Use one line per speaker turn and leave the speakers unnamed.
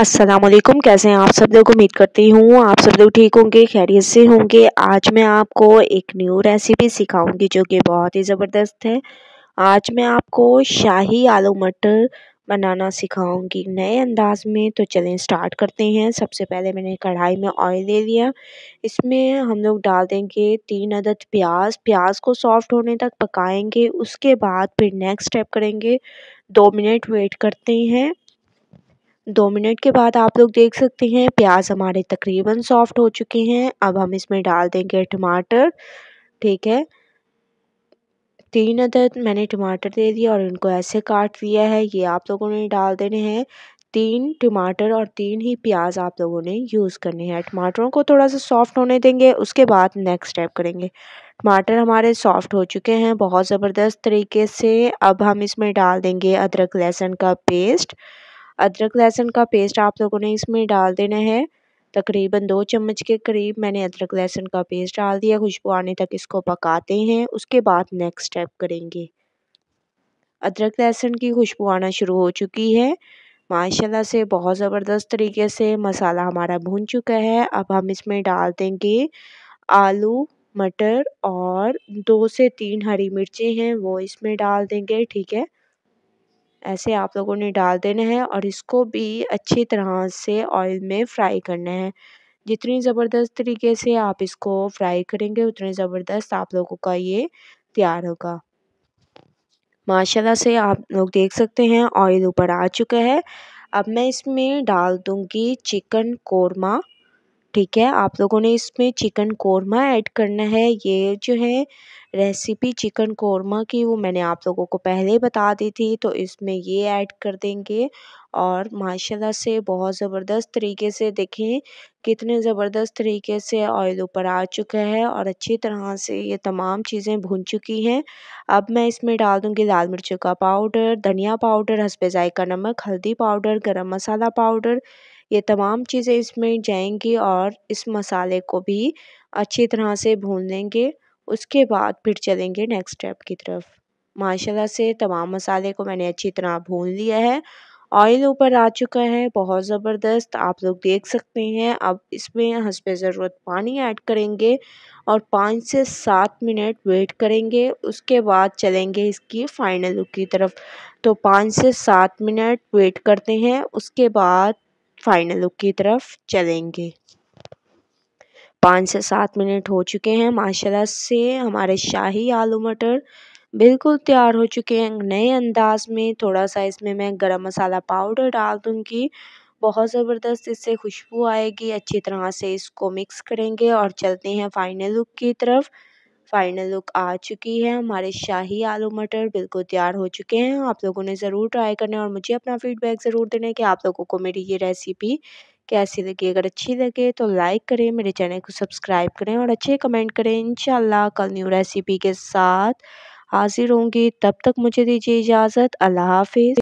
अस्सलाम वालेकुम कैसे हैं आप सब लोग उम्मीद करती हूँ आप सब लोग ठीक होंगे खैरियत से होंगे आज मैं आपको एक न्यू रेसिपी सिखाऊंगी जो कि बहुत ही ज़बरदस्त है आज मैं आपको शाही आलू मटर बनाना सिखाऊंगी नए अंदाज में तो चलें स्टार्ट करते हैं सबसे पहले मैंने कढ़ाई में ऑयल ले लिया इसमें हम लोग डाल देंगे तीन अदद प्याज प्याज को सॉफ्ट होने तक पकाएंगे उसके बाद फिर नेक्स्ट स्टेप करेंगे दो मिनट वेट करते हैं दो मिनट के बाद आप लोग देख सकते हैं प्याज हमारे तकरीबन सॉफ्ट हो चुके हैं अब हम इसमें डाल देंगे टमाटर ठीक है तीन अदद मैंने टमाटर दे दिया और इनको ऐसे काट लिया है ये आप लोगों ने डाल देने हैं तीन टमाटर और तीन ही प्याज आप लोगों ने यूज़ करने हैं टमाटरों को थोड़ा सा सॉफ्ट होने देंगे उसके बाद नेक्स्ट स्टेप करेंगे टमाटर हमारे सॉफ्ट हो चुके हैं बहुत ज़बरदस्त तरीके से अब हम इसमें डाल देंगे अदरक लहसुन का पेस्ट अदरक लहसुन का पेस्ट आप लोगों ने इसमें डाल देना है तकरीबन दो चम्मच के करीब मैंने अदरक लहसुन का पेस्ट डाल दिया खुशबू आने तक इसको पकाते हैं उसके बाद नेक्स्ट स्टेप करेंगे अदरक लहसुन की खुशबू आना शुरू हो चुकी है माशाल्लाह से बहुत ज़बरदस्त तरीके से मसाला हमारा भून चुका है अब हम इसमें डाल देंगे आलू मटर और दो से तीन हरी मिर्चें हैं वो इसमें डाल देंगे ठीक है ऐसे आप लोगों ने डाल देने हैं और इसको भी अच्छी तरह से ऑयल में फ्राई करना है जितनी ज़बरदस्त तरीके से आप इसको फ्राई करेंगे उतने ज़बरदस्त आप लोगों का ये तैयार होगा माशाल्लाह से आप लोग देख सकते हैं ऑयल ऊपर आ चुका है अब मैं इसमें डाल दूंगी चिकन कोरमा ठीक है आप लोगों ने इसमें चिकन कोरमा ऐड करना है ये जो है रेसिपी चिकन कोरमा की वो मैंने आप लोगों को पहले बता दी थी तो इसमें ये ऐड कर देंगे और माशाल्लाह से बहुत ज़बरदस्त तरीके से देखें कितने ज़बरदस्त तरीके से ऑयल ऊपर आ चुका है और अच्छी तरह से ये तमाम चीज़ें भुन चुकी हैं अब मैं इसमें डाल दूँगी लाल मिर्च का पाउडर धनिया पाउडर हंसपे जायका नमक हल्दी पाउडर गर्म मसाला पाउडर ये तमाम चीज़ें इसमें जाएंगी और इस मसाले को भी अच्छी तरह से भून लेंगे उसके बाद फिर चलेंगे नेक्स्ट स्टेप की तरफ माशाल्लाह से तमाम मसाले को मैंने अच्छी तरह भून लिया है ऑयल ऊपर आ चुका है बहुत ज़बरदस्त आप लोग देख सकते हैं अब इसमें हंसप ज़रूरत पानी ऐड करेंगे और पाँच से सात मिनट वेट करेंगे उसके बाद चलेंगे इसकी फ़ाइनल लुक की तरफ तो पाँच से सात मिनट वेट करते हैं उसके बाद फाइनल लुक की तरफ चलेंगे पाँच से सात मिनट हो चुके हैं माशाल्लाह से हमारे शाही आलू मटर बिल्कुल तैयार हो चुके हैं नए अंदाज में थोड़ा सा इसमें मैं गरम मसाला पाउडर डाल दूंगी बहुत ज़बरदस्त इससे खुशबू आएगी अच्छी तरह से इसको मिक्स करेंगे और चलते हैं फाइनल लुक की तरफ फाइनल लुक आ चुकी है हमारे शाही आलू मटर बिल्कुल तैयार हो चुके हैं आप लोगों ने ज़रूर ट्राई करना है और मुझे अपना फीडबैक ज़रूर देना है कि आप लोगों को मेरी ये रेसिपी कैसी लगी अगर अच्छी लगे तो लाइक करें मेरे चैनल को सब्सक्राइब करें और अच्छे कमेंट करें इन कल न्यू रेसिपी के साथ हाजिर होंगी तब तक मुझे दीजिए इजाज़त अल्लाह हाफिज़